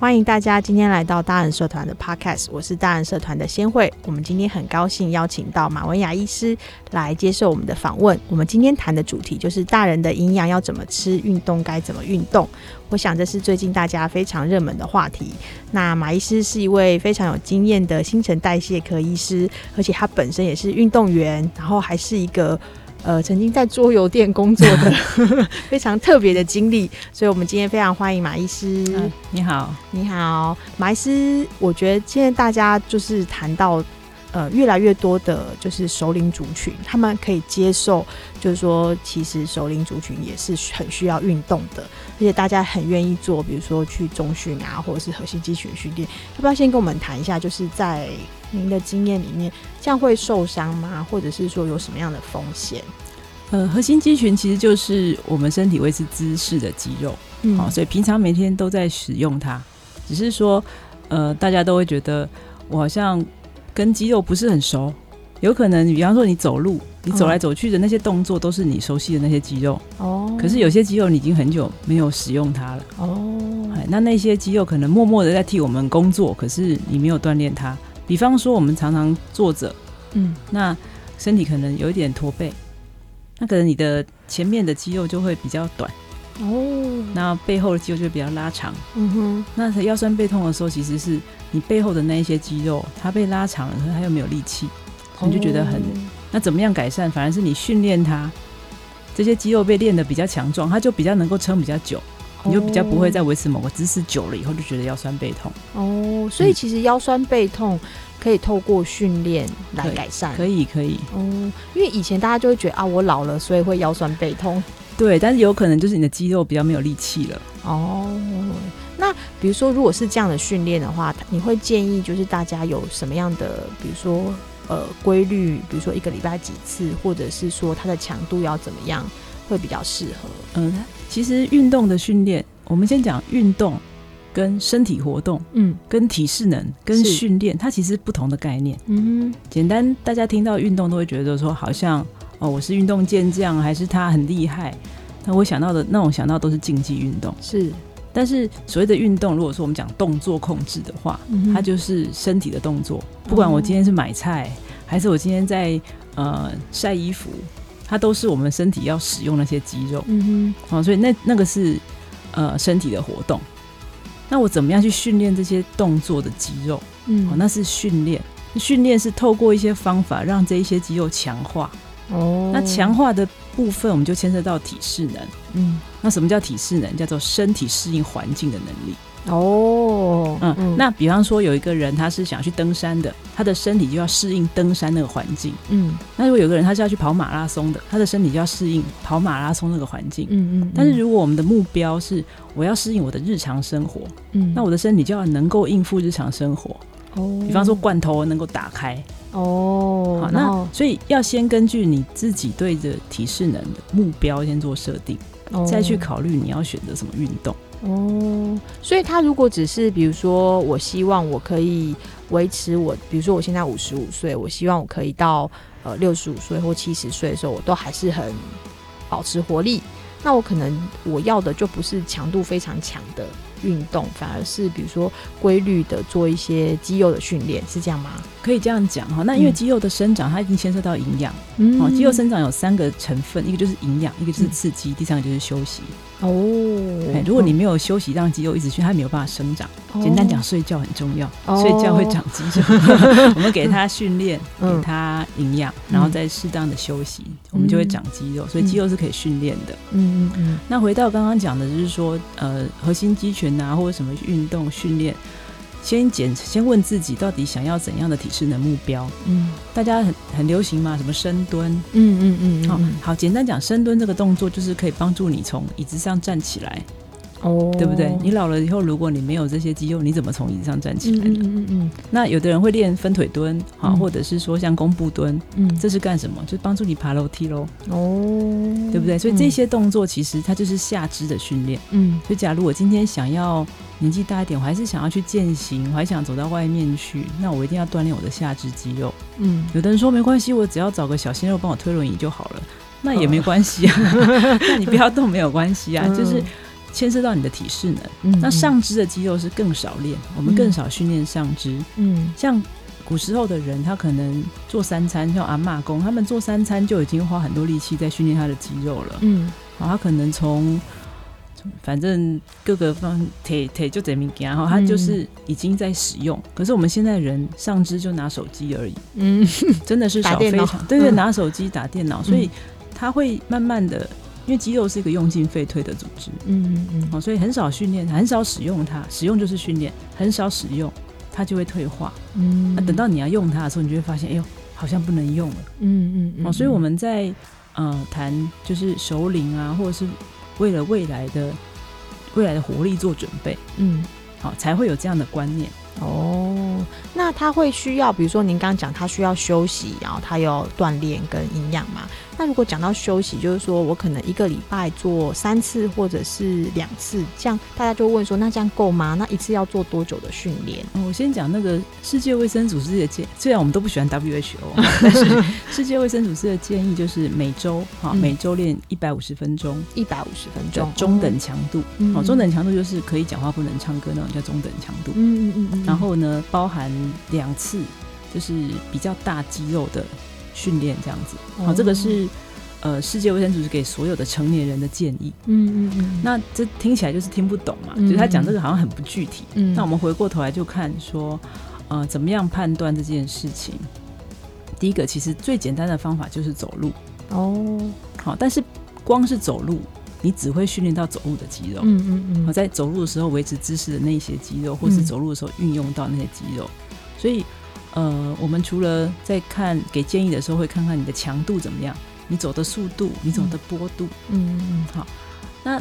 歡迎大家今天來到大人社團的 Podcast，我是大人社團的先蕙。我們今天很高興邀請到馬文雅醫師來接受我們的訪問。我們今天談的主題就是大人的營養要怎麼吃，運動該怎麼運動。我想這是最近大家非常熱門的話題。那馬醫師是一位非常有經驗的新陳代謝科醫師，而且他本身也是運動員，然後還是一個。呃，曾經在桌遊店工作的 非常特別的經歷，所以我們今天非常歡迎馬醫師。嗯、你好，你好，馬醫師。我覺得現在大家就是談到呃，越來越多的就是首領族群，他們可以接受，就是說，其實首領族群也是很需要運動的，而且大家很願意做，比如說去中訓啊，或者是核心肌群訓練。要不要先跟我們談一下，就是在您的經驗裡面，這樣會受傷嗎？或者是說有什麼樣的風險？呃，核心肌群其實就是我們身體維持姿勢的肌肉，好，嗯，哦，所以平常每天都在使用它。只是說，呃，大家都會覺得我好像跟肌肉不是很熟。有可能，比方說你走路，你走來走去的那些動作都是你熟悉的那些肌肉哦。可是有些肌肉你已經很久沒有使用它了哦。哎，那那些肌肉可能默默的在替我們工作，可是你沒有鍛鍊它。比方說，我們常常坐着，嗯，那身體可能有一點駝背。那可能你的前面的肌肉就會比較短，哦，那背後的肌肉就會比較拉長。嗯哼、mm，hmm. 那腰酸背痛的時候，其實是你背後的那一些肌肉，它被拉長了，它又沒有力氣，你就覺得很…… Oh. 那怎麼樣改善？反而是你訓練它，這些肌肉被練得比較強壯，它就比較能夠撐比較久，你就比較不會再維持某個姿勢久了以後就覺得腰酸背痛。哦、oh. 嗯，oh. 所以其實腰酸背痛。可以透過訓練來改善，可以可以，可以可以嗯，因為以前大家就會覺得啊，我老了，所以會腰酸背痛，對，但是有可能就是你的肌肉比較沒有力氣了，哦，那比如說如果是這樣的訓練的話，你會建議就是大家有什麼樣的，比如說呃規律，比如說一個禮拜幾次，或者是說它的強度要怎麼樣會比較適合？嗯，其實運動的訓練，我們先講運動。跟身體活動，嗯，跟體適能，跟訓練，是它其實是不同的概念。嗯哼，簡單，大家聽到運動都會覺得說，好像哦，我是運動健將，還是他很厲害。那我想到的，那我想到都是競技運動。是，但是所謂的運動，如果說我們講動作控制的話，嗯、哼它就是身體的動作。不管我今天是買菜，還是我今天在呃曬衣服，它都是我們身體要使用那些肌肉。嗯哼，好、哦，所以那那個是呃身體的活動。那我怎麼樣去訓練這些動作的肌肉？嗯，喔，那是訓練，訓練是透過一些方法讓這一些肌肉強化。哦，那強化的部分我們就牽涉到體適能。嗯，那什麼叫體適能？叫做身體適應環境的能力。哦，嗯，嗯，那比方說有一個人，他是想去登山的，他的身體就要適應登山那個環境。嗯，那如果有個人，他是要去跑馬拉松的，他的身體就要適應跑馬拉松那個環境。嗯嗯。嗯，但是如果我們的目標是我要適應我的日常生活，嗯，那我的身體就要能夠應付日常生活。哦。比方說罐頭能夠打開。哦。好，那，好，那所以要先根據你自己對着體適能的目標先做設定，哦、再去考慮你要選擇什麼運動。哦、嗯，所以他如果只是比如說，我希望我可以維持我，比如說我現在五十五歲，我希望我可以到呃六十五歲或七十歲的時候，我都還是很保持活力，那我可能我要的就不是強度非常強的運動，反而是比如說規律的做一些肌肉的訓練，是這樣嗎？可以這樣講哈、喔。那因為肌肉的生長，嗯、它已經牽涉到營養，哦、嗯喔，肌肉生長有三個成分，一個就是營養，一個就是刺激，嗯、第三個就是休息。哦、oh，如果你沒有休息，讓肌肉一直去，它沒有辦法生長。Oh. 簡單講，睡覺很重要，睡覺會長肌肉。Oh. 我們給它訓練，oh. 給它營養，然後再適當的休息，oh. 我們就會長肌肉。所以肌肉是可以訓練的。嗯嗯嗯。那回到剛剛講的，就是說，呃，核心肌群啊，或者什麼運動訓練。訓練先簡先問自己到底想要怎樣的體適能目標？嗯，大家很很流行嘛，什麼深蹲？嗯嗯嗯。好、嗯嗯哦，好，簡單講，深蹲這個動作就是可以幫助你從椅子上站起來。哦，對不對？你老了以後，如果你沒有這些肌肉，你怎麼從椅子上站起來呢？嗯。嗯嗯，嗯，那有的人會練分腿蹲，好、哦，嗯、或者是說像弓步蹲，嗯，這是幹什麼？就幫、是、助你爬樓梯嘍。哦，對不對？所以這些動作其實它就是下肢的訓練。嗯，就假如我今天想要。年紀大一點，我還是想要去健行，我還想走到外面去。那我一定要鍛鍊我的下肢肌肉。嗯，有的人說沒關係，我只要找個小鮮肉幫我推輪椅就好了，那也沒關係啊。那、哦、 你不要動、嗯、沒有關係啊，就是牽涉到你的體適能。嗯、那上肢的肌肉是更少練，我們更少訓練上肢。嗯，像古時候的人，他可能做三餐，像阿嬤公，他們做三餐就已經花很多力氣在訓練他的肌肉了。嗯，好，他可能從，反正各個方腿腿就這敏感，然後它就是已經在使用。可是我們現在人上肢就拿手機而已，嗯，真的是小非常對，對對，嗯、拿手機打電腦，所以它會慢慢的，因為肌肉是一個用進廢退的組織，嗯嗯嗯、哦，所以很少訓練，很少使用它，使用就是訓練，很少使用它就會退化。嗯，那、啊、等到你要用它的時候，你就會發現，哎呦，好像不能用了。嗯嗯嗯、哦，所以我們在嗯談、呃、就是手領啊，或者是。為了未來的未來的活力做準備，嗯，好，哦，才會有這樣的觀念哦。那他會需要，比如說您剛剛講，他需要休息，然後他要鍛鍊跟營養嘛？那如果講到休息，就是說我可能一個禮拜做三次或者是兩次，這樣大家就問說，那這樣夠嗎？那一次要做多久的訓練？哦、我先講那個世界衛生組織的建，雖然我們都不喜歡 WHO， 但是世界衛生組織的建議就是每周啊，嗯、每周練一百五十分鐘，一百五十分鐘中等強度、嗯、哦，中等強度就是可以講話不能唱歌那種叫中等強度，嗯嗯嗯，嗯嗯嗯然後呢，包含兩次就是比較大肌肉的。訓練這樣子，好、oh 哦，這個是呃世界衛生組織給所有的成年人的建議。嗯嗯嗯。Hmm. 那這聽起來就是聽不懂嘛？所以、mm hmm. 他講這個好像很不具體。嗯、mm。那、hmm. 我們回過頭來就看說，呃，怎麼樣判斷這件事情？第一個，其實最簡單的方法就是走路。Oh. 哦。好，但是光是走路，你只會訓練到走路的肌肉。嗯嗯嗯。在走路的時候維持姿勢的那些肌肉，或是走路的時候運用到那些肌肉，mm hmm. 所以。呃，我們除了在看給建議的時候，會看看你的強度怎麼樣，你走的速度，你走的坡度，嗯嗯，嗯好。那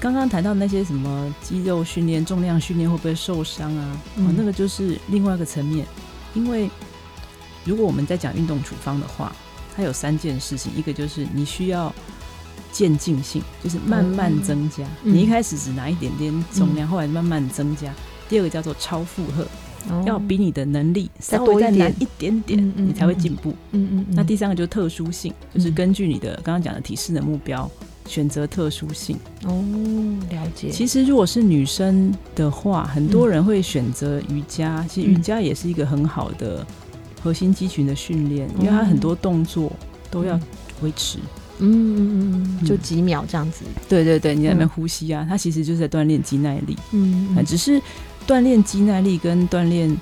剛剛談到那些什麼肌肉訓練、重量訓練會不會受傷啊？啊、嗯哦，那個就是另外一個層面，因為如果我們在講運動處方的話，它有三件事情，一個就是你需要漸進性，就是慢慢增加，嗯嗯、你一開始只拿一點點重量，嗯、後來慢慢增加。第二個叫做超負荷。要比你的能力稍微再難一點點，你才會進步。嗯嗯。那第三個就是特殊性，就是根據你的剛剛講的體式的目標，選擇特殊性。哦，了解。其實如果是女生的話，很多人會選擇瑜伽。其實瑜伽也是一個很好的核心肌群的訓練，因為它很多動作都要維持。嗯嗯嗯。就幾秒這樣子。對對對，你在那邊呼吸啊，它其實就是在鍛鍊肌耐力。嗯，只是。鍛鍊肌耐力跟鍛鍊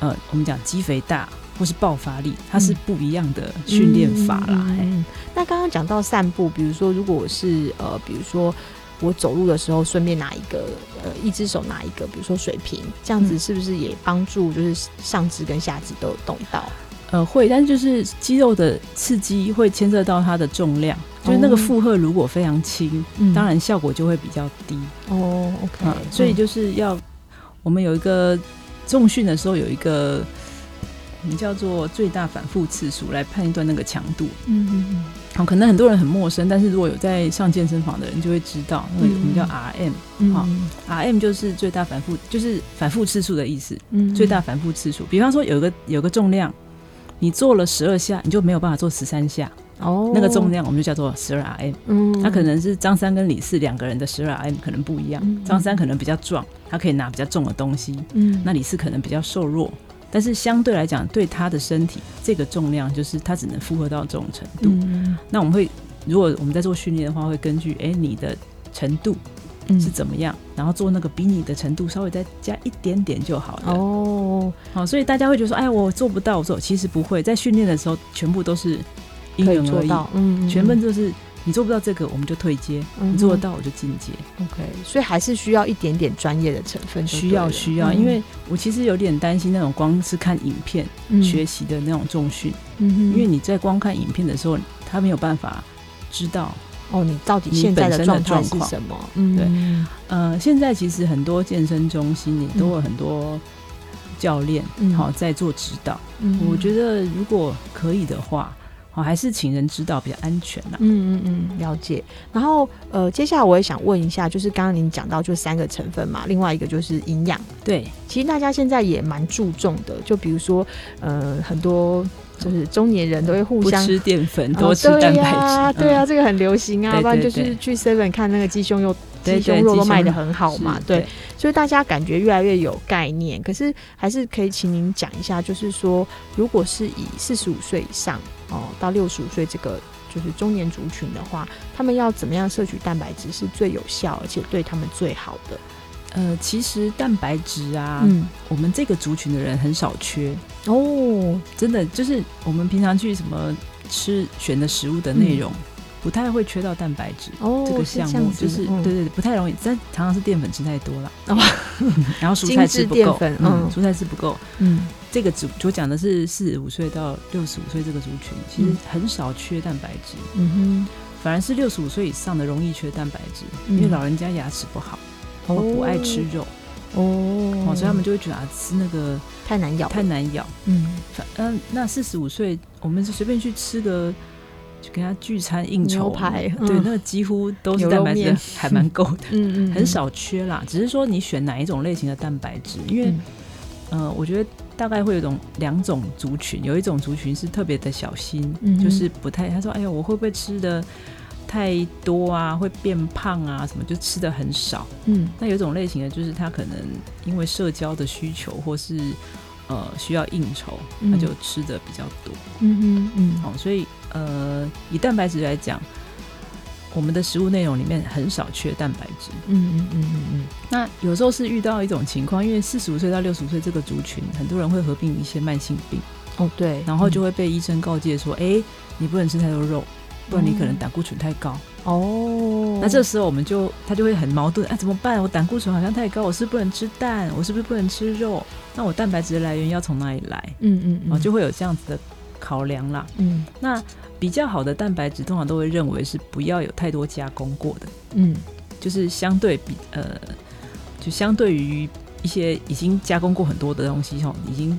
呃，我們講肌肥大或是爆發力，它是不一樣的訓練法啦。嗯，嗯，那剛剛講到散步，比如說如果我是呃，比如說我走路的時候順便拿一個呃，一隻手拿一個，比如說水瓶，這樣子是不是也幫助就是上肢跟下肢都有動到？呃，會，但是就是肌肉的刺激會牽涉到它的重量，就是那個負荷如果非常輕，哦，當然效果就會比較低哦。OK，啊，所以就是要。我們有一個重訓的時候，有一個我們叫做最大反覆次數來判斷那個強度。嗯嗯嗯，好、哦，可能很多人很陌生，但是如果有在上健身房的人就會知道，我們叫 RM、哦。好、嗯嗯嗯，RM 就是最大反覆，就是反覆次數的意思。嗯、嗯，最大反覆次數，比方說有一個有一個重量，你做了十二下，你就沒有辦法做十三下。哦，那個重量我們就叫做十二 RM，嗯，它可能是張三跟李四兩個人的十二 RM 可能不一樣，張、嗯嗯、三可能比較壯，他可以拿比較重的東西，嗯，那李四可能比較瘦弱，但是相對來講，對他的身體這個重量就是他只能負荷到這種程度。嗯、那我們會，如果我們在做訓練的話，會根據哎、欸、你的程度是怎麼樣，嗯、然後做那個比你的程度稍微再加一點點就好了。哦，好，所以大家會覺得說，哎，我做不到，我說其實不會，在訓練的時候全部都是。可以做到，嗯，全部就是你做不到這個，我們就退階；你做得到，我就進階。OK，所以還是需要一點點專業的成分，需要需要。因為我其實有點擔心那種光是看影片學習的那種重訓，嗯，因為你在光看影片的時候，他沒有辦法知道哦，你到底現在的狀態是什麼。嗯，對，呃，現在其實很多健身中心你都有很多教練，好在做指導。我覺得如果可以的話。好，還是請人指導比較安全吶。嗯嗯嗯，了解。然後呃，接下來我也想問一下，就是剛剛您講到就三個成分嘛，另外一個就是營養。對，其實大家現在也蠻注重的，就比如說呃，很多就是中年人都會互相不吃澱粉，多吃蛋白質。哦啊，對啊，這個很流行啊。嗯。對對對。不然就是去 Seven 看那個雞胸肉。雞胸肉肉賣得很好嘛，對，對，對，對，所以大家感覺越來越有概念。可是還是可以請您講一下，就是說，如果是以四十五歲以上哦到六十五歲這個就是中年族群的話，他們要怎麼樣攝取蛋白質是最有效，而且對他們最好的？呃，其實蛋白質啊，嗯，我們這個族群的人很少缺哦，真的就是我們平常去什麼吃選的食物的內容。嗯不太會缺到蛋白質，這個項目就是對對，不太容易。但常常是澱粉吃太多了，然後蔬菜吃不夠，嗯，蔬菜吃不夠。嗯，這個主所講的是四十五歲到六十五歲這個族群，其實很少缺蛋白質。嗯哼，反而是六十五歲以上的容易缺蛋白質，因為老人家牙齒不好，我不愛吃肉哦，所以他們就會覺得吃那個太難咬，太難咬。嗯，反嗯，那四十五歲，我們是隨便去吃個。就跟他聚餐應酬，嗯、對，那個，幾乎都是蛋白質，還蠻夠的，嗯，嗯，嗯很少缺啦。只是說你選哪一種類型的蛋白質，因為，嗯、呃，我覺得大概會有種兩種族群，有一種族群是特別的小心，嗯嗯就是不太，他說，哎呦，我會不會吃的太多啊，會變胖啊，什麼就吃的很少，嗯。那有一種類型的就是他可能因為社交的需求或是呃需要應酬，他就吃的比較多，嗯，嗯嗯嗯。好、呃，所以。呃，以蛋白質來講，我們的食物內容裡面很少缺蛋白質，嗯。嗯嗯嗯嗯嗯。嗯，那有時候是遇到一種情況，因為四十五歲到六十五歲這個族群，很多人會合併一些慢性病。哦，對。然後就會被醫生告誡說：“哎、嗯欸，你不能吃太多肉，不然你可能膽固醇太高。嗯”哦。那這時候我們就他就會很矛盾。哦、啊：‘怎麼辦？我膽固醇好像太高，我是不，是不能吃蛋，我是不是不能吃肉？那我蛋白質的來源要從哪裡來？嗯嗯嗯。啊、嗯，嗯、就會有這樣子的。考量啦，嗯，那比較好的蛋白質通常都會認為是不要有太多加工過的，嗯，就是相對比，呃，就相對於一些已經加工過很多的東西吼，已經。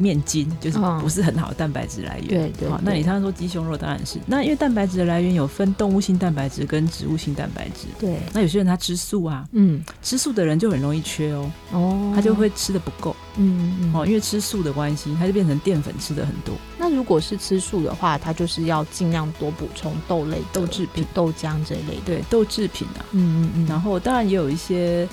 麵筋就是不是很好的蛋白質來源，嗯、對，對對。那你常常說雞胸肉當然是，那因為蛋白質的來源有分動物性蛋白質跟植物性蛋白質，對。那有些人他吃素啊，嗯，吃素的人就很容易缺哦，哦，他就會吃的不夠，嗯嗯哦，因為吃素的關係，他就變成澱粉吃的很多。那如果是吃素的話，他就是要盡量多補充豆類、豆製品、豆漿這一類的，對，豆製品啊，嗯嗯嗯。然後當然也有一些，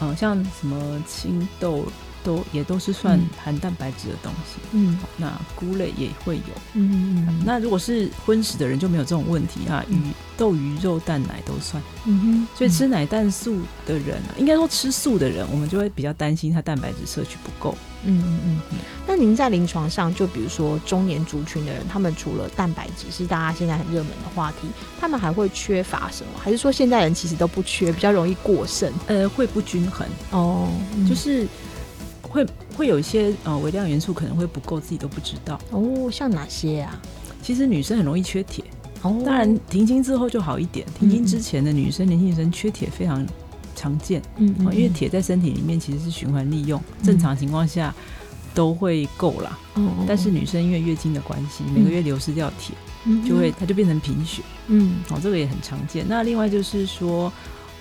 嗯、呃，像什麼青豆。都也都是算含蛋白質的東西，嗯，那菇類也會有，嗯嗯嗯。嗯，那如果是葷食的人就沒有這種問題啊，魚、嗯、豆、魚肉、蛋、奶都算，嗯哼。嗯，所以吃奶蛋素的人啊，應該說吃素的人，我們就會比較擔心他蛋白質攝取不夠，嗯嗯嗯。嗯嗯，那您在臨床上，就比如說中年族群的人，他們除了蛋白質是大家現在很熱門的話題，他們還會缺乏什麼？還是說現代人其實都不缺，比較容易過剩？呃，會不均衡哦，嗯、就是。會會有一些呃微量元素可能會不夠，自己都不知道哦。像哪些啊？其實女生很容易缺鐵哦。當然停經之後就好一點，停經之前的女生，嗯嗯年輕女生缺鐵非常常見。嗯，嗯，嗯，因為鐵在身體裡面其實是循環利用，嗯嗯正常情況下都會夠啦。嗯嗯但是女生因為月經的關係，每個月流失掉鐵，就會它就變成貧血。嗯，嗯，哦，這個也很常見。那另外就是說，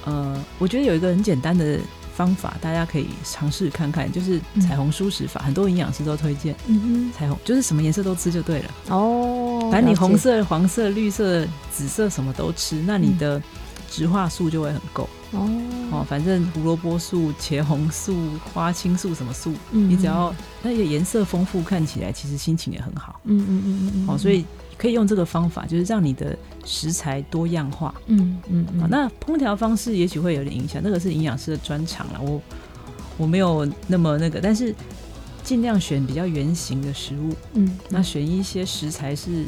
呃，我覺得有一個很簡單的。方法，大家可以嘗試看看，就是彩虹蔬食法，嗯、很多營養師都推薦。嗯嗯，彩虹就是什麼顏色都吃就對了。哦，反正你紅色、了解，黃色、綠色、紫色什麼都吃，那你的。嗯植化素就會很夠哦、oh. 哦，反正胡蘿蔔素、茄紅素、花青素什麼素，嗯嗯，你只要那些顏色豐富，看起來其實心情也很好。嗯嗯嗯嗯，好、哦，所以可以用這個方法，就是讓你的食材多樣化。嗯，嗯嗯，那烹調方式也許會有點影響，那個是營養師的專長啦。我我沒有那麼那個，但是盡量選比較原型的食物。嗯，嗯，那選一些食材是。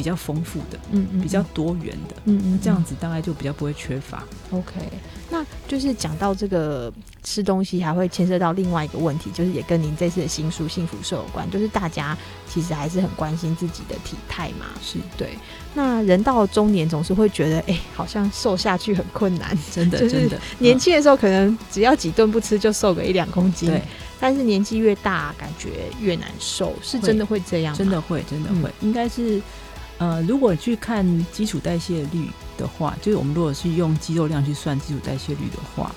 比較豐富的，嗯嗯，比較多元的，嗯嗯，嗯嗯嗯這樣子大概就比較不會缺乏。OK，那就是講到這個吃東西，還會牽涉到另外一個問題，就是也跟您這次的新書《幸福瘦》有關，就是大家其實還是很關心自己的體態嘛。是對。那人到了中年總是會覺得，哎、欸，好像瘦下去很困難，真的，真的。年輕的時候可能只要幾頓不吃就瘦個一兩公斤，嗯、對。但是年紀越大，感覺越難瘦，是真的會這樣會，真的會，真的會，嗯、應該是。呃，如果去看基礎代謝率的話，就是我們如果是用肌肉量去算基礎代謝率的話，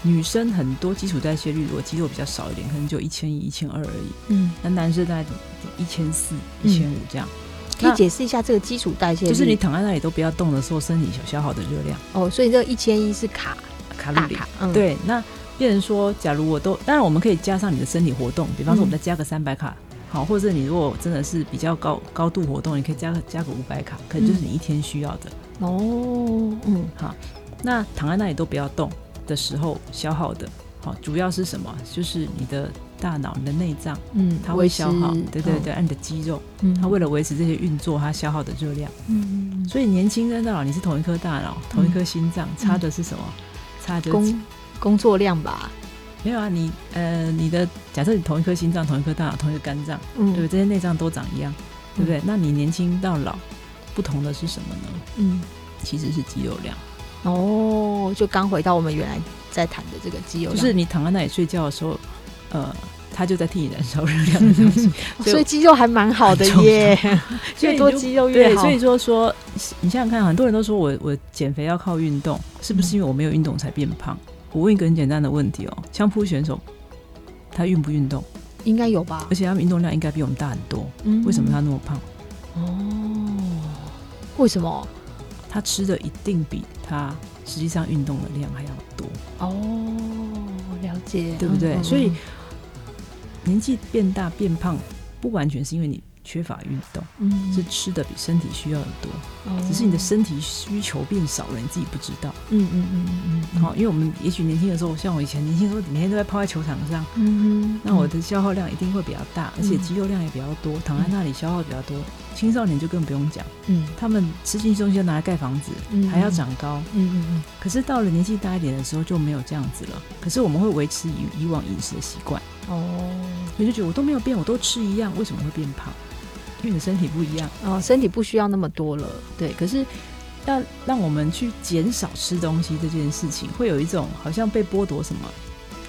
女生很多基礎代謝率如果肌肉比較少一點，可能就一千一、一千二而已。嗯，那男生大概一千四、一千五這樣。嗯、那可以解釋一下這個基礎代謝率？就是你躺在那裡都不要動的時候，身體消消耗的熱量。哦，所以這個一千一是卡卡路里？嗯、對，那別人說，假如我都，當然我們可以加上你的身體活動，比方說我們再加個三百卡。嗯好，或者你如果真的是比較高高度活動，你可以加個加個五百卡，可能就是你一天需要的哦。嗯，好，那躺在那裡都不要動的時候消耗的，好，主要是什麼？就是你的大腦、你的內臟，嗯，它會消耗，持對對對，哦、按你的肌肉，嗯，它為了維持這些運作，嗯、它消耗的熱量，嗯，所以年輕人的大腦你是同一顆大腦，同一顆心臟，差的是什麼？差、嗯嗯、工工作量吧。沒有啊，你呃，你的假設你同一顆心臟、同一顆大腦、同一個肝臟，嗯、對不對？這些內臟都長一樣，對不對？嗯、那你年輕到老，不同的是什麼呢？嗯，其實是肌肉量。哦，就剛回到我們原來在談的這個肌肉量，就是你躺在那裡睡覺的時候，呃，他就在替你燃燒熱量的東西，所以肌肉還蠻好的耶。越 多肌肉越好，所以說說，你想想看，很多人都說我我減肥要靠運動，是不是因為我沒有運動才變胖？我問一個很簡單的問題哦、喔，相撲選手他運不運動？應該有吧，而且他們運動量應該比我們大很多。嗯、哼為什麼他那麼胖？哦，為什麼？他吃的一定比他實際上運動的量還要多？哦，了解，對不對？嗯、哼所以年紀變大變胖，不完全是因為你。缺乏運動，嗯，是吃的比身體需要的多，哦，只是你的身體需求變少了，你自己不知道，嗯嗯嗯嗯，嗯嗯嗯嗯好，因為我們也許年輕的時候，像我以前年輕的時候，每天都在泡在球場上，嗯哼，那我的消耗量一定會比較大，而且肌肉量也比較多，躺在那裡消耗比較多。嗯、青少年就更不用講，嗯，他們吃進去東西要拿來蓋房子，嗯，還要長高，嗯嗯嗯。嗯嗯可是到了年紀大一點的時候就沒有這樣子了，可是我們會維持以以往飲食的習慣，哦，所以就覺得我都沒有變，我都吃一樣，為什麼會變胖？因為你身體不一樣哦，身體不需要那麼多了。對，可是要讓我們去減少吃東西這件事情，會有一種好像被剝奪什麼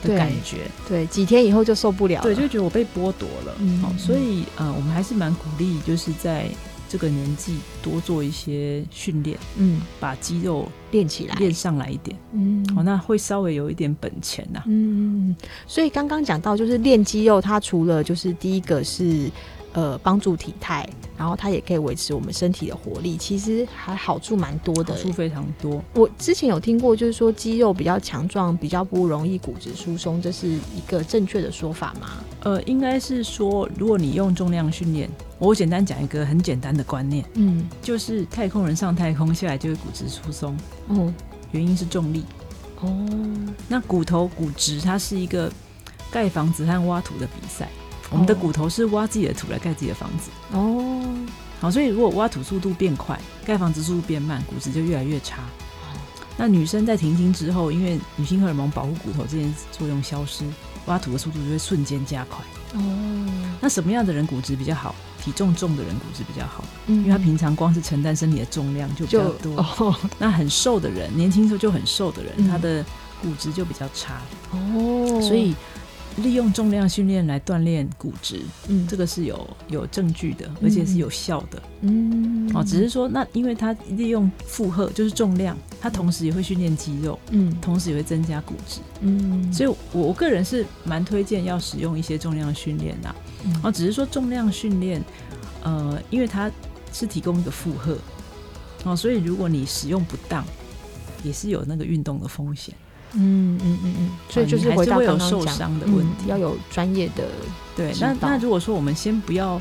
的感覺。對。對，幾天以後就受不了了，對，就覺得我被剝奪了。好、嗯哦，所以呃，我們還是蠻鼓勵，就是在這個年紀多做一些訓練，嗯，把肌肉練起來，練上來一點，嗯，好、哦，那會稍微有一點本錢吶、啊。嗯，所以剛剛講到，就是練肌肉，它除了就是第一個是。呃，幫助體態，然後它也可以維持我們身體的活力。其實還好處蠻多的，好處非常多。我之前有聽過，就是說肌肉比較強壯，比較不容易骨質疏鬆，這是一個正確的說法嗎？呃，應該是說，如果你用重量訓練，我簡單講一個很簡單的觀念，嗯，就是太空人上太空下來就會骨質疏鬆，哦、嗯，原因是重力，哦，那骨頭骨質它是一個蓋房子和挖土的比賽。我們的骨頭是挖自己的土來蓋自己的房子哦，oh. 好，所以如果挖土速度變快，蓋房子速度變慢，骨質就越來越差。Oh. 那女生在停經之後，因為女性荷爾蒙保護骨頭這件作用消失，挖土的速度就會瞬間加快哦。Oh. 那什麼樣的人骨質比較好？體重重的人骨質比較好，因為他平常光是承擔身體的重量就比較多。Oh. 那很瘦的人，年輕時候就很瘦的人，oh. 他的骨質就比較差哦，oh. 所以。利用重量訓練來鍛鍊骨質，嗯，這個是有有證據的，而且是有效的，嗯，哦，只是說那，因為它利用負荷就是重量，它同時也會訓練肌肉，嗯，同時也會增加骨質，嗯，所以我我個人是蠻推薦要使用一些重量訓練啦，哦、嗯，只是說重量訓練，呃，因為它是提供一個負荷，哦、喔，所以如果你使用不當，也是有那個運動的風險。嗯嗯嗯嗯，所以就是回答剛剛、啊、還是會有受傷的問題，嗯、要有專業的，對。那那如果說我們先不要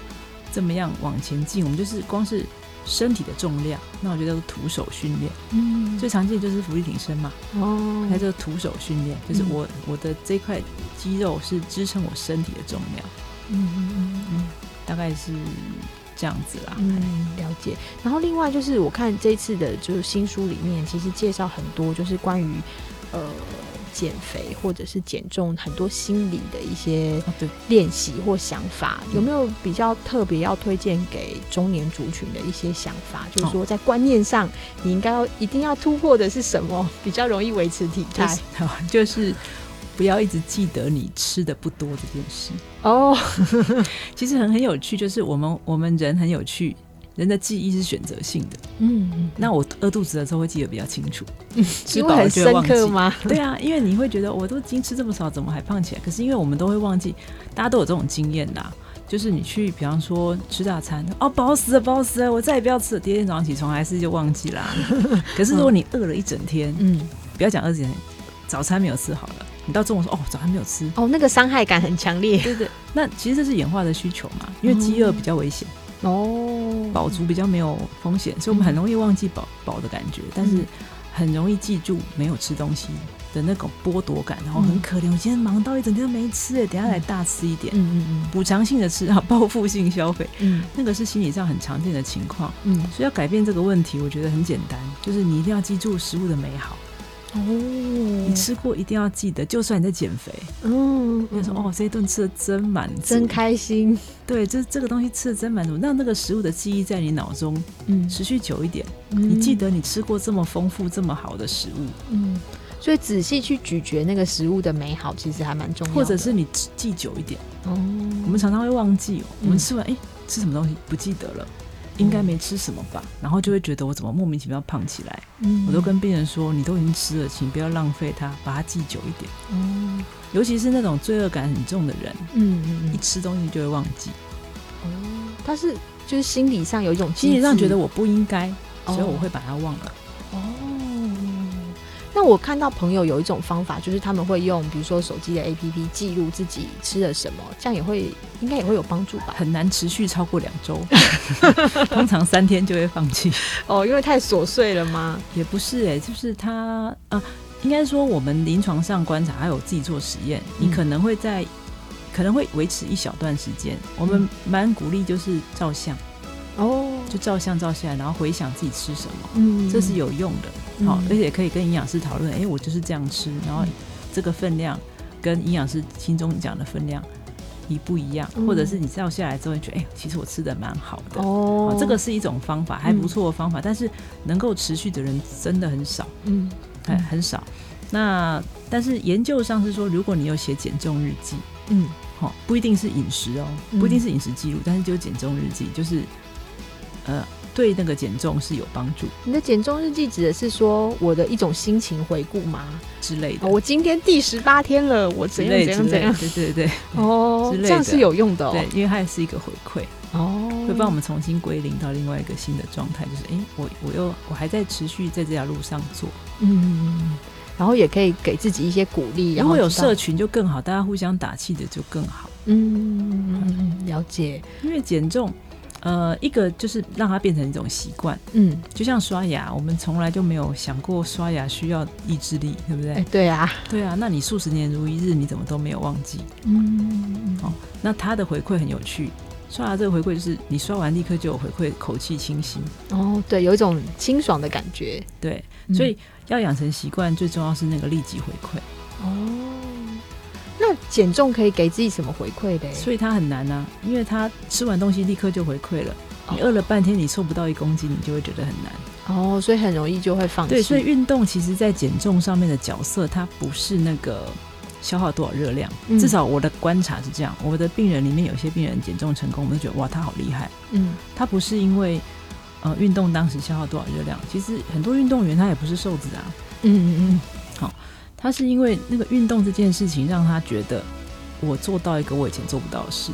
這麼樣往前進，我們就是光是身體的重量，那我覺得都徒手訓練，嗯，最常見就是伏地挺身嘛，哦，還是徒手訓練，嗯、就是我我的這塊肌肉是支撐我身體的重量，嗯嗯嗯，大概是這樣子啦，嗯，對嗯，了解。然後另外就是我看這一次的就是新書裡面，其實介紹很多就是關於。呃，減肥或者是減重，很多心理的一些練習或想法，哦、有沒有比較特別要推薦給中年族群的一些想法？就是說，在觀念上，哦、你應該要一定要突破的是什麼？比較容易維持體態，就是、就是不要一直記得你吃的不多這件事哦。 其實很很有趣，就是我們我們人很有趣。人的記憶是選擇性的，嗯，那我餓肚子的時候會記得比較清楚，嗯，飽了就會忘記嗎？對啊，因為你會覺得我都已經吃這麼少，怎麼還胖起來？可是因為我們都會忘記，大家都有這種經驗啦，就是你去，比方說吃大餐，哦，飽死了飽死了，我再也不要吃了，第二天早上起床還是就忘記啦。 可是如果你餓了一整天，嗯，不要講餓了一整天，早餐沒有吃好了，你到中午說哦早餐沒有吃，哦那個傷害感很強烈，對，對對。那其實這是演化的需求嘛，因為飢餓比較危險。嗯哦，飽、oh, 足比較沒有風險，所以我們很容易忘記飽飽、嗯、的感覺，但是很容易記住沒有吃東西的那種剝奪感，然後很可憐。嗯、我今天忙到一整天都沒吃哎，等下來大吃一點，嗯嗯嗯，補、嗯、償、嗯嗯、性的吃啊，報復性消費，嗯，那個是心理上很常見的情況，嗯，所以要改變這個問題，我覺得很簡單，就是你一定要記住食物的美好。哦，你吃過一定要記得，就算你在減肥嗯，嗯，我跟你說哦，這一頓吃得真的真滿足，真開心。對，這這個東西吃得真的真滿足，那那個食物的記憶在你腦中，嗯，持續久一點。嗯嗯、你記得你吃過這麼豐富、這麼好的食物，嗯，所以仔細去咀嚼那個食物的美好，其實還蠻重要的，或者是你記久一點。哦、嗯，我們常常會忘記、喔，嗯、我們吃完哎、欸，吃什麼東西不記得了。應該沒吃什麼吧，嗯、然後就會覺得我怎麼莫名其妙胖起來？嗯、我都跟病人說，你都已經吃了，請不要浪費它，把它記久一點。嗯、尤其是那種罪惡感很重的人，嗯嗯嗯，一吃東西就會忘記。哦、嗯，但是就是心理上有一種心理上覺得我不應該，所以我會把它忘了。哦那我看到朋友有一種方法，就是他們會用，比如說手機的 APP 記錄自己吃了什麼，這樣也會應該也會有幫助吧？很難持續超過兩周， 通常三天就會放棄。 哦，因為太瑣碎了嗎？也不是、欸，哎，就是他啊、呃，應該說我們臨床上觀察，還有自己做實驗，嗯、你可能會在，可能會維持一小段時間。嗯、我們蠻鼓勵就是照相哦。就照相照下來，然後回想自己吃什麼，嗯，這是有用的，好、嗯，而且可以跟營養師討論。哎、欸，我就是這樣吃，然後這個分量跟營養師心中你講的分量一不一樣？嗯、或者是你照下來之後覺得，哎、欸，其實我吃的蠻好的，哦，這個是一種方法，還不錯的方法，嗯、但是能夠持續的人真的很少，嗯，很、嗯、很少。那但是研究上是說，如果你有寫減重日記，嗯，好，不一定是飲食哦、喔，不一定是飲食記錄，但是就是減重日記，就是。呃，對，那個減重是有幫助。你的減重日記指的是說我的一種心情回顧嗎之類的、哦？我今天第十八天了，我怎樣怎樣怎樣？ 對，對對對，哦，之類的，這樣是有用的哦，對，因為它也是一個回饋哦，會幫我們重新歸零到另外一個新的狀態，就是哎，我我又我還在持續在這條路上做，嗯，然後也可以給自己一些鼓勵，然後，然後有社群就更好，大家互相打氣的就更好，嗯，嗯，了解，因為減重。呃，一個就是讓它變成一種習慣，嗯，就像刷牙，我們從來就沒有想過刷牙需要意志力，對不對？欸、對呀、啊，對啊，那你數十年如一日，你怎麼都沒有忘記？嗯，嗯、哦，那它的回饋很有趣，刷牙這個回饋就是你刷完立刻就有回饋，口氣清新。哦，對，有一種清爽的感覺。對，嗯、所以要養成習慣，最重要是那個立即回饋。哦。那減重可以給自己什麼回饋的、欸？所以它很難啊，因為它吃完東西立刻就回饋了。Oh. 你餓了半天，你瘦不到一公斤，你就會覺得很難。哦，oh, 所以很容易就會放棄。對，所以運動其實在減重上面的角色，它不是那個消耗多少熱量。嗯、至少我的觀察是這樣，我的病人裡面有些病人減重成功，我就覺得哇，他好厲害。嗯，他不是因為呃運動當時消耗多少熱量，其實很多運動員他也不是瘦子啊。嗯嗯嗯。他是因為那個運動這件事情，讓他覺得我做到一個我以前做不到的事，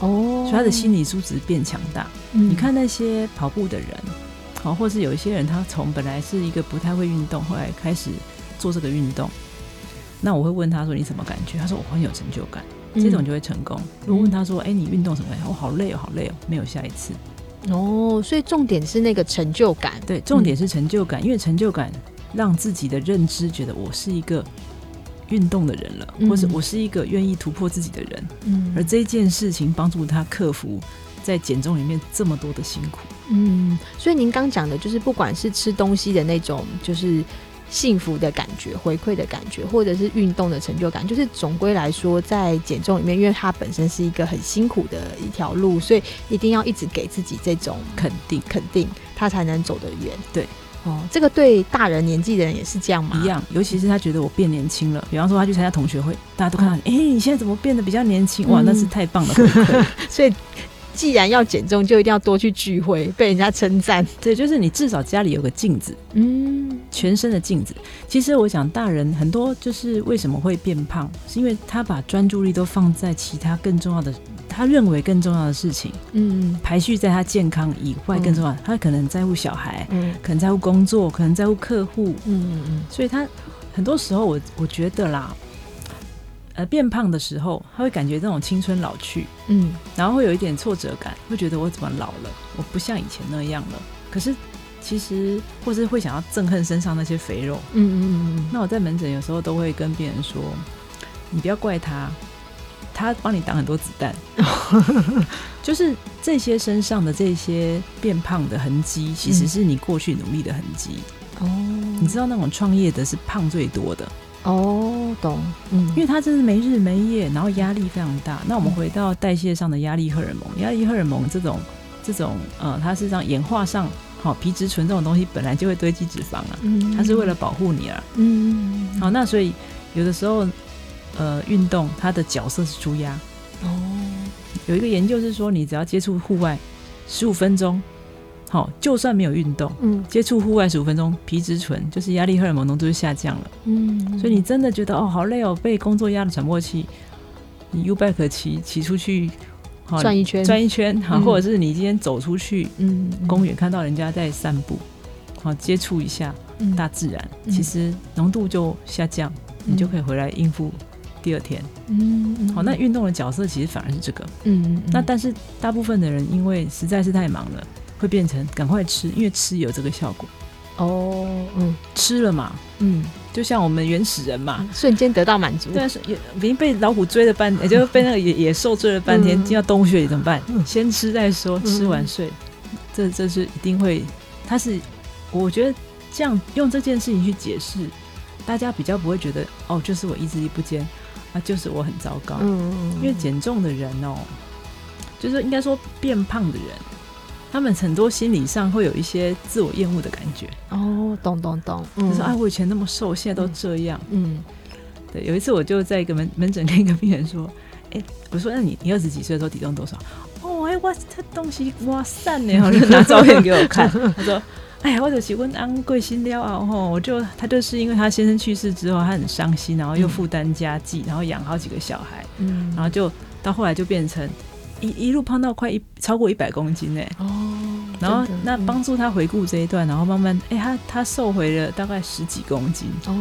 哦，oh. 所以他的心理素質變強大。嗯、你看那些跑步的人，好、哦，或是有一些人，他從本來是一個不太會運動，後來開始做這個運動，那我會問他說：“你什麼感覺？”他說：“我很有成就感。”這種就會成功。嗯、我問他說：“哎、欸，你運動什麼感覺？”我好累哦，好累哦，沒有下一次。”哦，所以重點是那個成就感。對，重點是成就感，嗯、因為成就感。讓自己的認知覺得我是一個運動的人了，嗯，或者我是一個願意突破自己的人，嗯，而這件事情幫助他克服在減重裡面這麼多的辛苦，嗯，所以您剛講的就是，不管是吃東西的那種就是幸福的感覺、回饋的感覺，或者是運動的成就感，就是總歸來說，在減重裡面，因為它本身是一個很辛苦的一條路，所以一定要一直給自己這種肯定，肯定他才能走得遠，對。哦，這個對大人年紀的人也是這樣嗎？一樣，尤其是他覺得我變年輕了。比方說，他去參加同學會，大家都看到你，誒、嗯欸，你現在怎麼變得比較年輕？哇，那是太棒了！嗯、 所以，既然要減重，就一定要多去聚會，被人家稱讚。對，就是你至少家裡有個鏡子，嗯，全身的鏡子。其實我想，大人很多就是為什麼會變胖，是因為他把專注力都放在其他更重要的。他認為更重要的事情，嗯，排序在他健康以外更重要。嗯、他可能在乎小孩，嗯、可能在乎工作，可能在乎客戶，嗯嗯嗯。嗯所以他很多時候我，我我覺得啦，呃，變胖的時候，他會感覺這種青春老去，嗯，然後會有一點挫折感，會覺得我怎麼老了，我不像以前那樣了。可是其實，或是會想要憎恨身上那些肥肉，嗯嗯嗯嗯。嗯嗯那我在門診有時候都會跟病人說，你不要怪他。他幫你擋很多子彈， 就是這些身上的這些變胖的痕跡，其實是你過去努力的痕跡。哦，你知道那種創業的是胖最多的哦，懂，嗯，因為他真是沒日沒夜，然後壓力非常大。那我們回到代謝上的壓力荷爾蒙，壓力荷爾蒙這種這種呃，它是讓演化上好、喔、皮質醇這種東西本來就會堆積脂肪啊，嗯，它是為了保護你啊，嗯，嗯。嗯嗯嗯、好，那所以有的時候。呃，運動它的角色是紓壓哦。有一個研究是說，你只要接觸戶外十五分鐘，好，就算沒有運動，嗯，接觸戶外十五分鐘，皮質醇就是壓力荷爾蒙濃度就下降了。嗯，所以你真的覺得哦，好累哦，被工作壓得喘不過氣，你 YouBike 騎騎出去，轉一圈，轉一圈，或者是你今天走出去，嗯，公園看到人家在散步，好，接觸一下大自然，其實濃度就下降，你就可以回來應付。第二天，嗯，嗯好，那運動的角色其實反而是這個，嗯，嗯嗯那但是大部分的人因為實在是太忙了，會變成趕快吃，因為吃有這個效果，哦，嗯，吃了嘛，嗯，就像我們原始人嘛，瞬間得到滿足，但是也被老虎追了半天，嗯、也就是被那個野野獸追了半天，進、嗯、到洞穴裡怎麼辦？嗯、先吃再說，吃完睡，嗯、這這是一定會，他是我覺得這樣用這件事情去解釋，大家比較不會覺得哦，就是我意志力不堅。啊，就是我很糟糕，嗯，嗯，因為減重的人哦、喔，就是應該說變胖的人，他們很多心理上會有一些自我厭惡的感覺。哦，懂懂懂，懂，嗯、就是說啊，我以前那麼瘦，現在都這樣，嗯。嗯，對，有一次我就在一個門門診跟一個病人說，哎、欸，我說那你你二十幾歲的時候體重多少？哦，哎、欸、哇，這東西哇散呢，然後 拿照片給我看， 他說。哎，或者喜歡安貴心撩。啊？我就她就，就是因為她先生去世之後，她很傷心，然後又負擔家計，然後養好幾個小孩，嗯，然後就到後來就變成一一路胖到快一超過一百公斤。哎、欸，哦，然後、嗯、那幫助她回顧這一段，然後慢慢哎，她、欸、他瘦回了大概十幾公斤，哦，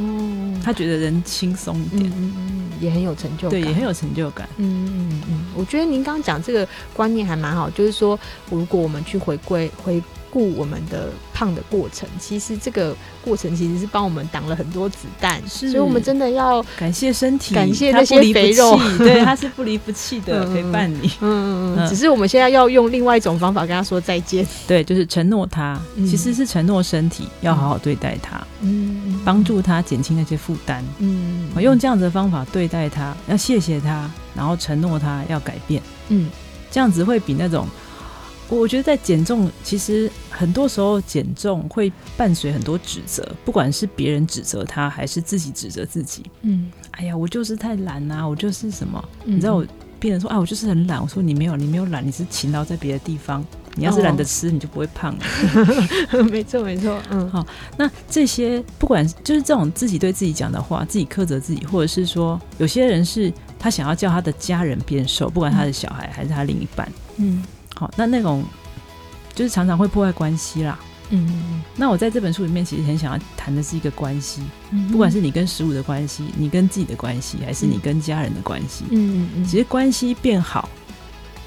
她覺得人輕鬆一點，嗯嗯，也很有成就感，對，也很有成就感，嗯嗯嗯，我覺得您剛剛講這個觀念還蠻好，就是說如果我們去回歸回。顧我們的胖的過程，其實這個過程其實是幫我們擋了很多子彈，是，所以我們真的要感謝身體，感謝那些肥肉，對，他是不離不棄的陪伴你。嗯嗯嗯，只是我們現在要用另外一種方法跟他說再見。對，就是承諾他，其實是承諾身體要好好對待他，嗯，幫助他減輕那些負擔，嗯，用這樣子的方法對待他，要謝謝他，然後承諾他要改變，嗯，這樣子會比那種。我覺得在減重，其實很多時候減重會伴隨很多指責，不管是別人指責他，還是自己指責自己。嗯，哎呀，我就是太懶啊，我就是什麼？嗯、你知道我病人說啊，我就是很懶。我說你沒有，你沒有懶，你是勤勞在別的地方。你要是懶得吃，哦、你就不會胖了 沒。沒錯，沒錯。嗯。好，那這些不管就是這種自己對自己講的話，自己苛責自己，或者是說有些人是他想要叫他的家人變瘦，不管他的小孩還是他另一半。嗯。好，那那種就是常常會破壞關係啦。嗯嗯哼那我在這本書裡面其實很想要談的是一個關係，嗯、哼不管是你跟食物的關係，你跟自己的關係，還是你跟家人的關係。嗯嗯嗯。其實關係變好，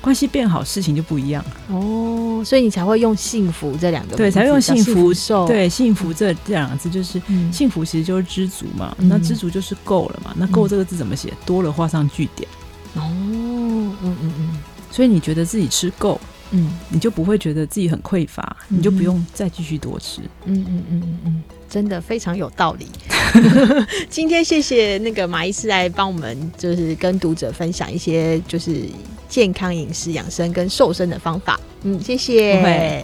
關係變好，事情就不一樣了。哦，所以你才會用幸福這兩個字，對，才會用幸福受對，幸福這這兩個字，就是、嗯、幸福其實就是知足嘛。嗯、那知足就是夠了嘛。那夠這個字怎麼寫？多了畫上句點。所以你覺得自己吃夠，嗯，你就不會覺得自己很匱乏，嗯、你就不用再繼續多吃。嗯嗯嗯嗯，真的非常有道理、 嗯。今天謝謝那個馬醫師來幫我們，就是跟讀者分享一些就是健康飲食、養生跟瘦身的方法。嗯，謝謝。